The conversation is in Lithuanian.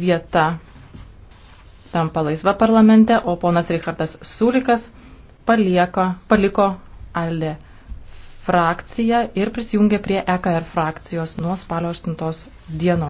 vieta tampa laisva parlamente, o ponas Richardas Sulikas palieka, paliko Alde frakciją ir prisijungė prie EKR frakcijos nuo spalio 8 dienos.